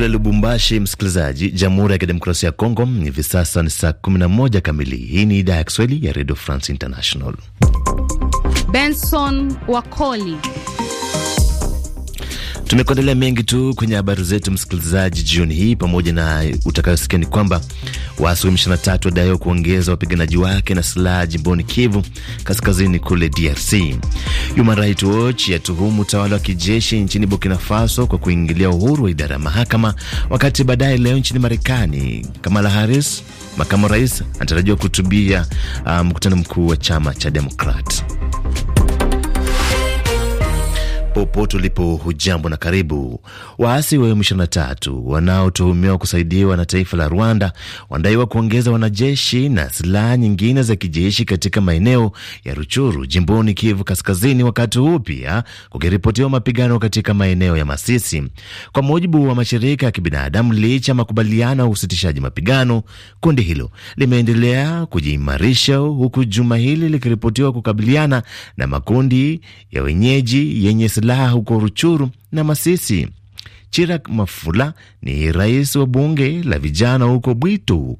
Kule Lubumbashi, msikilizaji, Jamhuri ya Kidemokrasia ya Kongo, hivi sasa ni saa 11 kamili. Hii ni idhaa ya Kiswahili ya Radio France International. Benson Wakoli Tumekuandalia mengi tu kwenye habari zetu, msikilizaji, jioni hii. Pamoja na utakayosikia ni kwamba waasi wa M23 wadaiwa kuongeza wapiganaji wake na silaha jimboni Kivu Kaskazini kule DRC. Human Rights Watch yatuhumu utawala wa kijeshi nchini Burkina Faso kwa kuingilia uhuru wa idara ya mahakama. Wakati baadaye leo nchini Marekani, Kamala Harris, makamu rais, anatarajiwa kuhutubia ah, mkutano um, mkuu wa chama cha Demokrat. Popote ulipo hujambo na karibu. Waasi wa M23 wanaotuhumiwa kusaidiwa na taifa la Rwanda wanadaiwa kuongeza wanajeshi na silaha nyingine za kijeshi katika maeneo ya Ruchuru jimboni Kivu Kaskazini, wakati huu pia kukiripotiwa mapigano katika maeneo ya Masisi. Kwa mujibu wa mashirika ya kibinadamu, licha ya makubaliano ya usitishaji mapigano, kundi hilo limeendelea kujiimarisha, huku juma hili likiripotiwa kukabiliana na makundi ya wenyeji yenye silaha huko Ruchuru na Masisi. Chirak Mafula ni rais wa bunge la vijana huko Bwitu.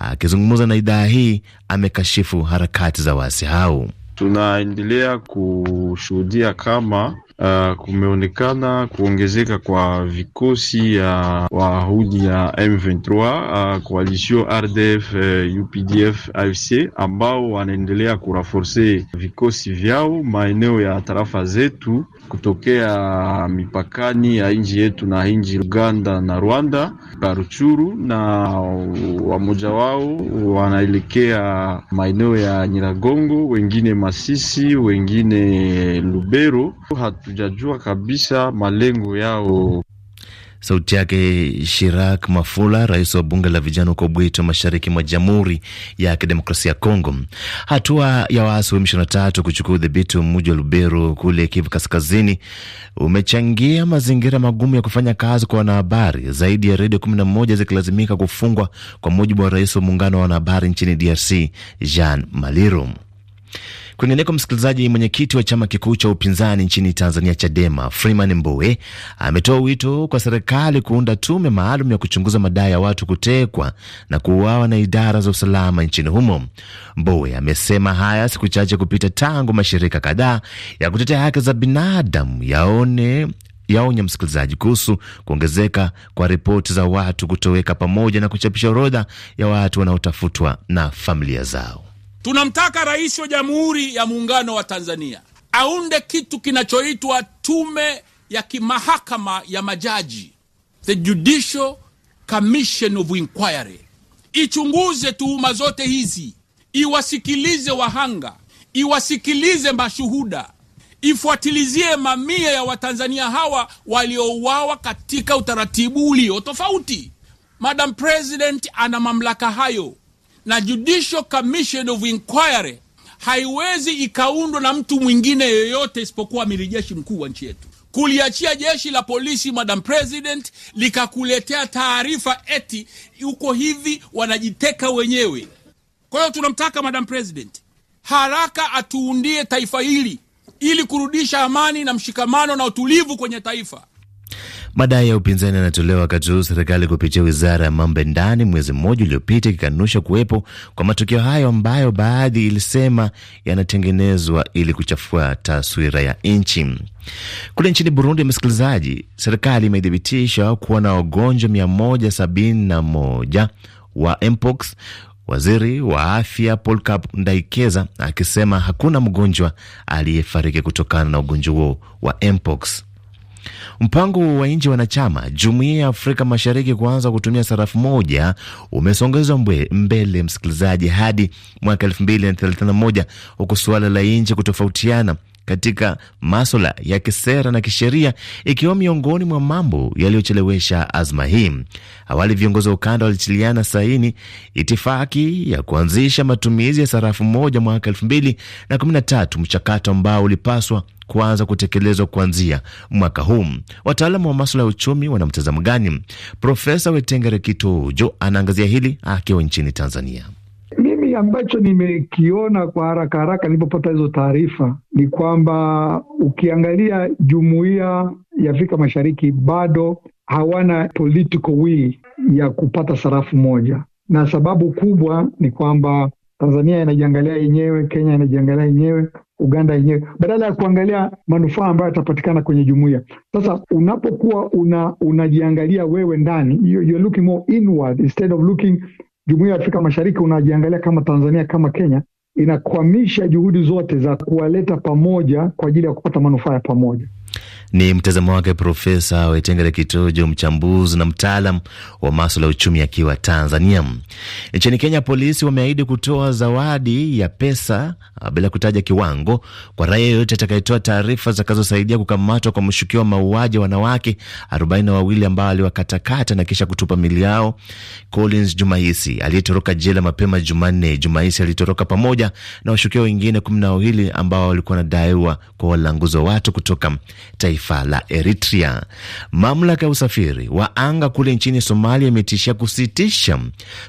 Akizungumza na idhaa hii, amekashifu harakati za waasi hao. Tunaendelea kushuhudia kama Uh, kumeonekana kuongezeka kwa vikosi ya uh, wahudi ya M23 uh, koalisio RDF uh, UPDF AFC ambao wanaendelea kuraforce vikosi vyao maeneo ya tarafa zetu kutokea mipakani ya nchi yetu na nchi Uganda na Rwanda Paruchuru, na wamoja wao wanaelekea maeneo ya Nyiragongo, wengine Masisi, wengine Lubero. Hatujajua kabisa malengo yao. Sauti yake Shirak Mafula, rais wa bunge la vijana huko Bwito, mashariki mwa Jamhuri ya Kidemokrasia ya Kongo. Hatua ya waasi wa M23 kuchukua udhibiti wa mji wa Lubero kule Kivu Kaskazini umechangia mazingira magumu ya kufanya kazi kwa wanahabari, zaidi ya redio kumi na moja zikilazimika kufungwa, kwa mujibu wa rais wa muungano wa wanahabari nchini DRC Jean Maliru. Kwingineko, msikilizaji, mwenyekiti wa chama kikuu cha upinzani nchini Tanzania, Chadema, Freeman Mbowe ametoa wito kwa serikali kuunda tume maalum ya kuchunguza madai ya watu kutekwa na kuuawa na idara za usalama nchini humo. Mbowe amesema haya siku chache kupita tangu mashirika kadhaa ya kutetea haki za binadamu yaone yaonya msikilizaji kuhusu kuongezeka kwa ripoti za watu kutoweka pamoja na kuchapisha orodha ya watu wanaotafutwa na familia zao. Tunamtaka Rais wa Jamhuri ya Muungano wa Tanzania aunde kitu kinachoitwa tume ya kimahakama ya majaji, the Judicial Commission of Inquiry, ichunguze tuhuma zote hizi, iwasikilize wahanga, iwasikilize mashuhuda, ifuatilizie mamia ya Watanzania hawa waliouawa katika utaratibu ulio tofauti. Madam President ana mamlaka hayo na Judicial Commission of Inquiry haiwezi ikaundwa na mtu mwingine yoyote isipokuwa amiri jeshi mkuu wa nchi yetu. Kuliachia jeshi la polisi, Madam President, likakuletea taarifa eti uko hivi, wanajiteka wenyewe. Kwa hiyo tunamtaka Madam President haraka atuundie taifa hili ili kurudisha amani na mshikamano na utulivu kwenye taifa. Madai ya upinzani yanatolewa wakati huu serikali kupitia wizara ya mambo ya ndani mwezi mmoja uliopita ikikanusha kuwepo kwa matukio hayo ambayo baadhi ilisema yanatengenezwa ili kuchafua taswira ya nchi. Kule nchini Burundi, msikilizaji, serikali imethibitisha kuwa na wagonjwa 171 wa mpox Waziri wa afya Cap Ndaikeza akisema hakuna mgonjwa aliyefariki kutokana na ugonjwa huo wa mpox. Mpango wa nchi wanachama Jumuiya ya Afrika Mashariki kuanza kutumia sarafu moja umesongezwa mbele, msikilizaji, hadi mwaka 231 huku suala la nchi kutofautiana katika maswala ya kisera na kisheria, ikiwa miongoni mwa mambo yaliyochelewesha azma hii. Awali viongozi wa ukanda walitiliana saini itifaki ya kuanzisha matumizi ya sarafu moja mwaka elfu mbili na kumi na tatu, mchakato ambao ulipaswa kuanza kutekelezwa kuanzia mwaka huu. Wataalamu wa maswala ya uchumi wana mtazamo gani? Profesa Wetengere Kitojo anaangazia hili akiwa nchini Tanzania. Kile ambacho nimekiona kwa haraka haraka nilipopata hizo taarifa ni kwamba ukiangalia jumuiya ya Afrika Mashariki bado hawana political will ya kupata sarafu moja, na sababu kubwa ni kwamba Tanzania inajiangalia yenyewe, Kenya inajiangalia yenyewe, Uganda yenyewe, badala ya kuangalia manufaa ambayo yatapatikana kwenye jumuiya. Sasa unapokuwa una unajiangalia wewe ndani, you're looking more inward instead of looking jumuiya ya Afrika Mashariki unajiangalia kama Tanzania kama Kenya inakwamisha juhudi zote za kuwaleta pamoja kwa ajili ya kupata manufaa ya pamoja. Ni mtazamo wake Profesa Wetengere Kitojo, mchambuzi na mtaalam wa maswala ya uchumi akiwa Tanzania. Nchini Kenya, polisi wameahidi kutoa zawadi ya pesa ah, bila kutaja kiwango kwa raia yoyote atakayetoa taarifa zitakazosaidia kukamatwa kwa mshukiwa wa mauaji wa wanawake arobaini na wawili ambao aliwakatakata na kisha kutupa mili yao. Collins Jumaisi aliyetoroka jela mapema Jumanne. Jumaisi alitoroka pamoja na washukiwa wengine kumi na wawili ambao walikuwa wanadaiwa kwa walanguzo watu kutoka taifa la Eritrea. Mamlaka ya usafiri wa anga kule nchini Somalia imetishia kusitisha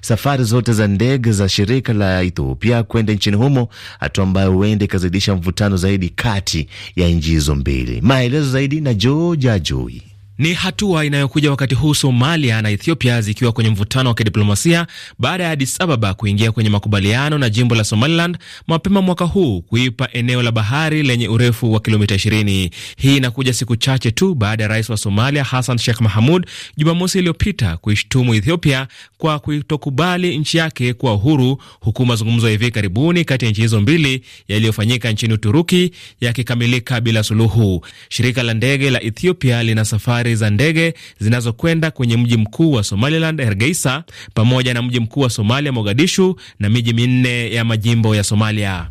safari zote za ndege za shirika la Ethiopia kwenda nchini humo, hatua ambayo huenda ikazidisha mvutano zaidi kati ya nchi hizo mbili. Maelezo zaidi na joi ni hatua inayokuja wakati huu Somalia na Ethiopia zikiwa kwenye mvutano wa kidiplomasia baada ya Addis Ababa kuingia kwenye makubaliano na jimbo la Somaliland mapema mwaka huu kuipa eneo la bahari lenye urefu wa kilomita 20. Hii inakuja siku chache tu baada ya rais wa Somalia Hassan Sheikh Mahamud Jumamosi iliyopita kuishtumu Ethiopia kwa kutokubali nchi yake kuwa huru, huku mazungumzo ya hivi karibuni kati ya nchi hizo mbili yaliyofanyika nchini Uturuki yakikamilika bila suluhu. Shirika la ndege la Ethiopia lina safari safari za ndege zinazokwenda kwenye mji mkuu wa Somaliland Hargeisa, pamoja na mji mkuu wa Somalia Mogadishu na miji minne ya majimbo ya Somalia.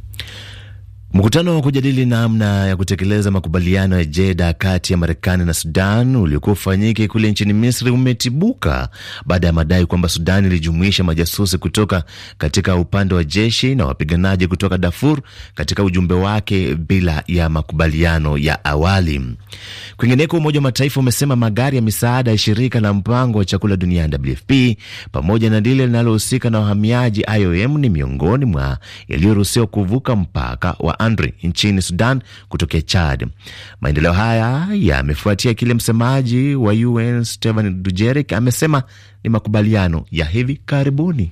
Mkutano wa kujadili namna ya kutekeleza makubaliano ya Jeda kati ya Marekani na Sudan uliokuwa ufanyike kule nchini Misri umetibuka baada ya madai kwamba Sudan ilijumuisha majasusi kutoka katika upande wa jeshi na wapiganaji kutoka Darfur katika ujumbe wake bila ya makubaliano ya awali. Kwingineko, Umoja wa Mataifa umesema magari ya misaada ya shirika la mpango wa chakula duniani WFP pamoja na lile linalohusika na wahamiaji IOM ni miongoni mwa yaliyoruhusiwa kuvuka mpaka wa Andre nchini Sudan kutokea Chad. Maendeleo haya yamefuatia kile msemaji wa UN Stephane Dujarric amesema ni makubaliano ya hivi karibuni.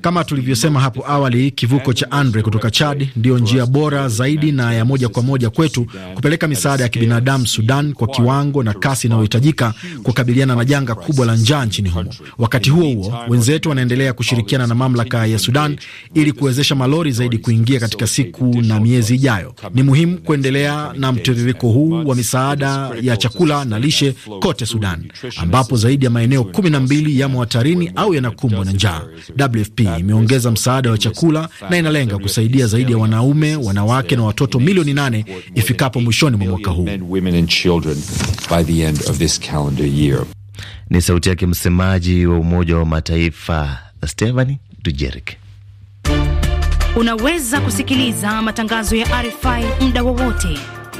Kama tulivyosema hapo awali, kivuko cha Andre kutoka Chad ndiyo njia bora zaidi na ya moja kwa moja kwetu kupeleka misaada ya kibinadamu Sudan kwa kiwango na kasi inayohitajika kukabiliana na janga kubwa la njaa nchini humo. Wakati huo huo, wenzetu wanaendelea kushirikiana na mamlaka ya Sudan ili kuwezesha malori zaidi kuingia katika siku na miezi ijayo. Ni muhimu kuendelea na mtiririko huu wa misaada ya chakula na lishe kote Sudan, ambapo zaidi ya maeneo kumi na mbili ya yamo hatarini au yanakumbwa na njaa. WFP imeongeza msaada wa chakula na inalenga kusaidia zaidi ya wanaume, wanawake na watoto milioni nane ifikapo mwishoni mwa mwaka huu. Ni sauti yake msemaji wa Umoja wa Mataifa Stephane Dujerik. Unaweza kusikiliza matangazo ya RFI muda wowote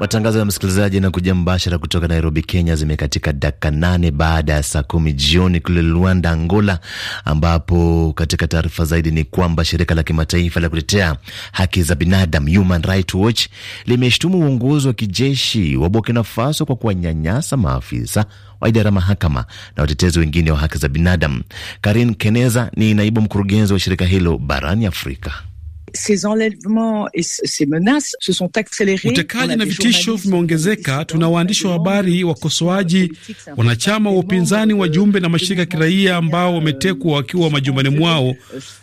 Matangazo ya msikilizaji na kuja mbashara kutoka Nairobi, Kenya. Zimekatika dakika nane baada ya saa kumi jioni kule Luanda, Angola, ambapo katika taarifa zaidi ni kwamba shirika la kimataifa la kutetea haki za binadamu Human Rights Watch limeshtumu uongozi wa kijeshi wa Burkina Faso kwa kuwanyanyasa maafisa wa idara mahakama na watetezi wengine wa haki za binadamu. Karin Keneza ni naibu mkurugenzi wa shirika hilo barani Afrika. Ces enlèvements et ces menaces se sont accélérés. Utekaji na vitisho vimeongezeka. Tuna waandishi wa habari, wakosoaji, wanachama wa upinzani, wajumbe na mashirika ya kiraia ambao wametekwa wakiwa majumbani mwao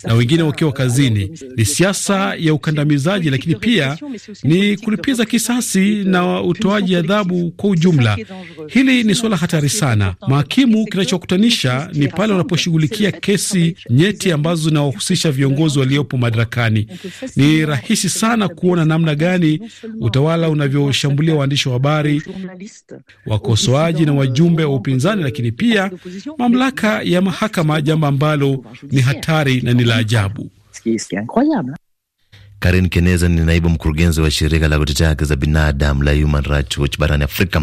na wengine wakiwa kazini. Ni siasa ya ukandamizaji, lakini pia ni kulipiza kisasi na utoaji adhabu kwa ujumla. Hili ni suala hatari sana. Mahakimu, kinachokutanisha ni pale wanaposhughulikia kesi nyeti ambazo zinawahusisha viongozi waliopo madarakani. Ni rahisi sana kuona namna gani utawala unavyoshambulia waandishi wa habari, wakosoaji na wajumbe wa upinzani, lakini pia mamlaka ya mahakama, jambo ambalo ni hatari na ni la ajabu. Karen Keneza ni naibu mkurugenzi wa shirika la kutetea haki za binadamu la Human Rights Watch barani Afrika.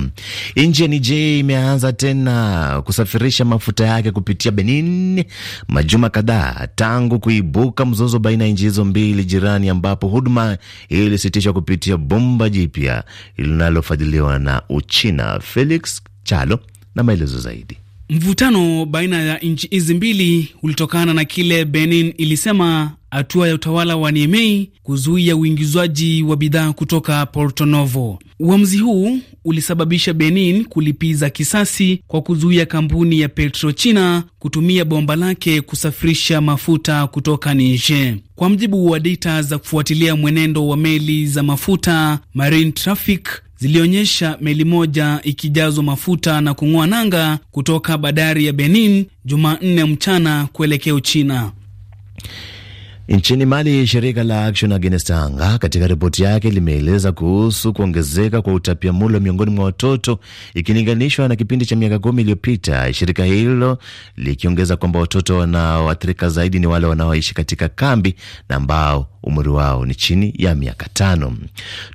Nchi ya Niger imeanza tena kusafirisha mafuta yake kupitia Benin majuma kadhaa tangu kuibuka mzozo baina ya nchi hizo mbili jirani, ambapo huduma hii ilisitishwa kupitia bomba jipya linalofadhiliwa na Uchina. Felix Chalo na maelezo zaidi. Mvutano baina ya nchi hizi mbili ulitokana na kile Benin ilisema hatua ya utawala wa niemei kuzuia uingizwaji wa bidhaa kutoka Porto Novo. Uamuzi huu ulisababisha Benin kulipiza kisasi kwa kuzuia kampuni ya Petrochina kutumia bomba lake kusafirisha mafuta kutoka Niger. Kwa mjibu wa data za kufuatilia mwenendo wa meli za mafuta Marine Traffic zilionyesha meli moja ikijazwa mafuta na kung'oa nanga kutoka bandari ya Benin Jumanne mchana kuelekea Uchina. Nchini Mali, shirika la Action Against Hunger katika ripoti yake limeeleza kuhusu kuongezeka kwa utapia mulo miongoni mwa watoto ikilinganishwa na kipindi cha miaka kumi iliyopita, shirika hilo likiongeza kwamba watoto wanaoathirika zaidi ni wale wanaoishi katika kambi na ambao umri wao ni chini ya miaka tano.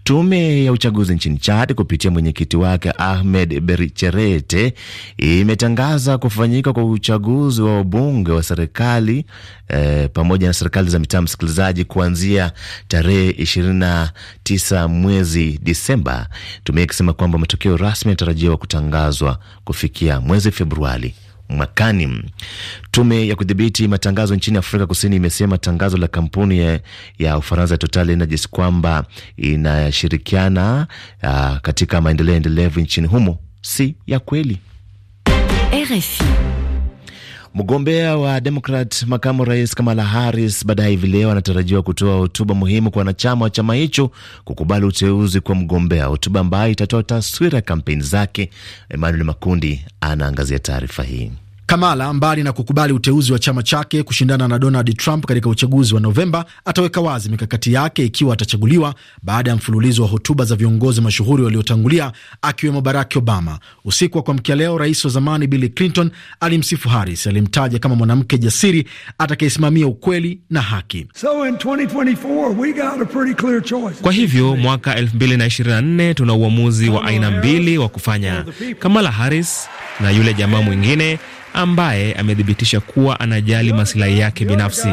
Tume ya uchaguzi nchini Chad kupitia mwenyekiti wake Ahmed Bericherete imetangaza kufanyika kwa uchaguzi wa ubunge wa serikali e, pamoja na serikali za mitaa, msikilizaji, kuanzia tarehe 29 mwezi Disemba, tume ikisema kwamba matokeo rasmi yanatarajiwa kutangazwa kufikia mwezi Februari mwakani. Tume ya kudhibiti matangazo nchini Afrika Kusini imesema tangazo la kampuni ya, ya Ufaransa Total Energies kwamba inashirikiana uh, katika maendeleo endelevu nchini humo si ya kweli. RFI. Mgombea wa Demokrat makamu rais Kamala Harris baadaye hivi leo anatarajiwa kutoa hotuba muhimu kwa wanachama wa chama hicho kukubali uteuzi kwa mgombea, hotuba ambayo itatoa taswira ya kampeni zake. Emmanuel Makundi anaangazia taarifa hii. Kamala, mbali na kukubali uteuzi wa chama chake kushindana na Donald Trump katika uchaguzi wa Novemba, ataweka wazi mikakati yake ikiwa atachaguliwa, baada ya mfululizo wa hotuba za viongozi mashuhuri waliotangulia, akiwemo Barack Obama. Usiku wa kuamkia leo, rais wa zamani Bill Clinton alimsifu Harris, alimtaja kama mwanamke jasiri atakayesimamia ukweli na haki. So in 2024, we got a pretty clear choice. Kwa hivyo mwaka 2024 tuna uamuzi wa aina mbili wa kufanya, Kamala Harris na yule jamaa mwingine ambaye amethibitisha kuwa anajali masilahi yake binafsi.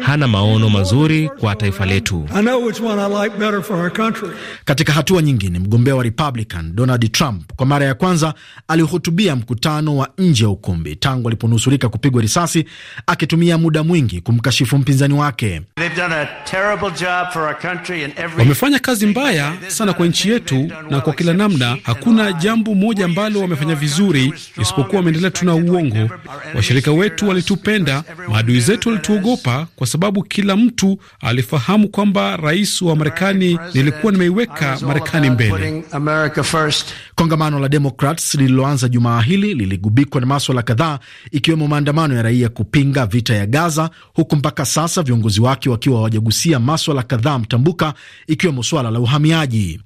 Hana maono mazuri kwa taifa letu. Katika hatua nyingine, mgombea wa Republican Donald Trump kwa mara ya kwanza alihutubia mkutano wa nje ya ukumbi tangu aliponusurika kupigwa risasi, akitumia muda mwingi kumkashifu mpinzani wake. Wamefanya kazi mbaya sana kwa nchi yetu na kwa kila namna. Hakuna jambo moja ambalo wamefanya vizuri, isipokuwa wameendelea tuna uongo. Washirika wetu walitupenda, maadui zetu walituogopa, kwa sababu kila mtu alifahamu kwamba rais wa Marekani, nilikuwa nimeiweka Marekani mbele. Kongamano la Democrats lililoanza jumaa hili liligubikwa na maswala kadhaa, ikiwemo maandamano ya raia kupinga vita ya Gaza, huku mpaka sasa viongozi wake wakiwa hawajagusia maswala kadhaa mtambuka, ikiwemo swala la uhamiaji.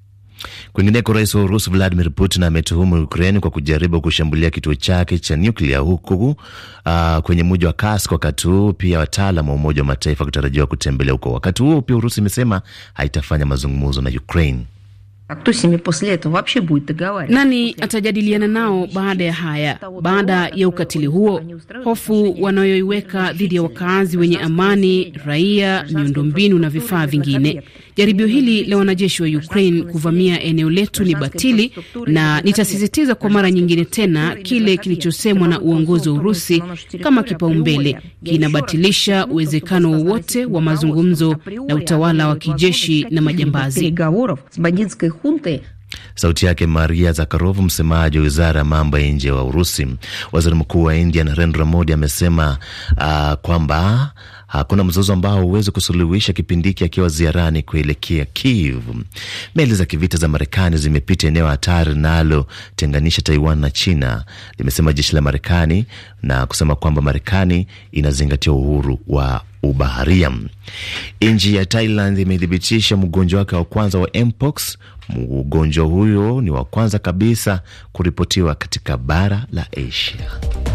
Kwingineko, rais wa Urusi Vladimir Putin ametuhumu Ukraine kwa kujaribu kushambulia kituo chake cha nyuklia huku uh, kwenye muji wa Kursk, wakati huu pia wataalam wa Umoja wa Mataifa kutarajiwa kutembelea huko. Wakati huo pia Urusi imesema haitafanya mazungumzo na Ukraine. Nani atajadiliana nao baada ya haya? Baada ya ukatili huo, hofu wanayoiweka dhidi ya wakaazi wenye amani, raia, miundombinu na vifaa vingine Jaribio hili la wanajeshi wa Ukraine kuvamia eneo letu ni batili, na nitasisitiza kwa mara nyingine tena kile kilichosemwa na uongozi wa Urusi kama kipaumbele kinabatilisha uwezekano wowote wa mazungumzo na utawala wa kijeshi na majambazi. Sauti yake Maria Zakharova, msemaji wa wizara ya mambo ya nje wa Urusi. Waziri Mkuu wa India Narendra Modi amesema uh, kwamba Hakuna mzozo ambao huwezi kusuluhisha kipindi hiki akiwa ziarani kuelekea Kiev. Meli za kivita za Marekani zimepita eneo hatari linalotenganisha Taiwan na China, limesema jeshi la Marekani na kusema kwamba Marekani inazingatia uhuru wa ubaharia. Nchi ya Thailand imethibitisha mgonjwa wake wa kwanza wa mpox. Mgonjwa huyo ni wa kwanza kabisa kuripotiwa katika bara la Asia.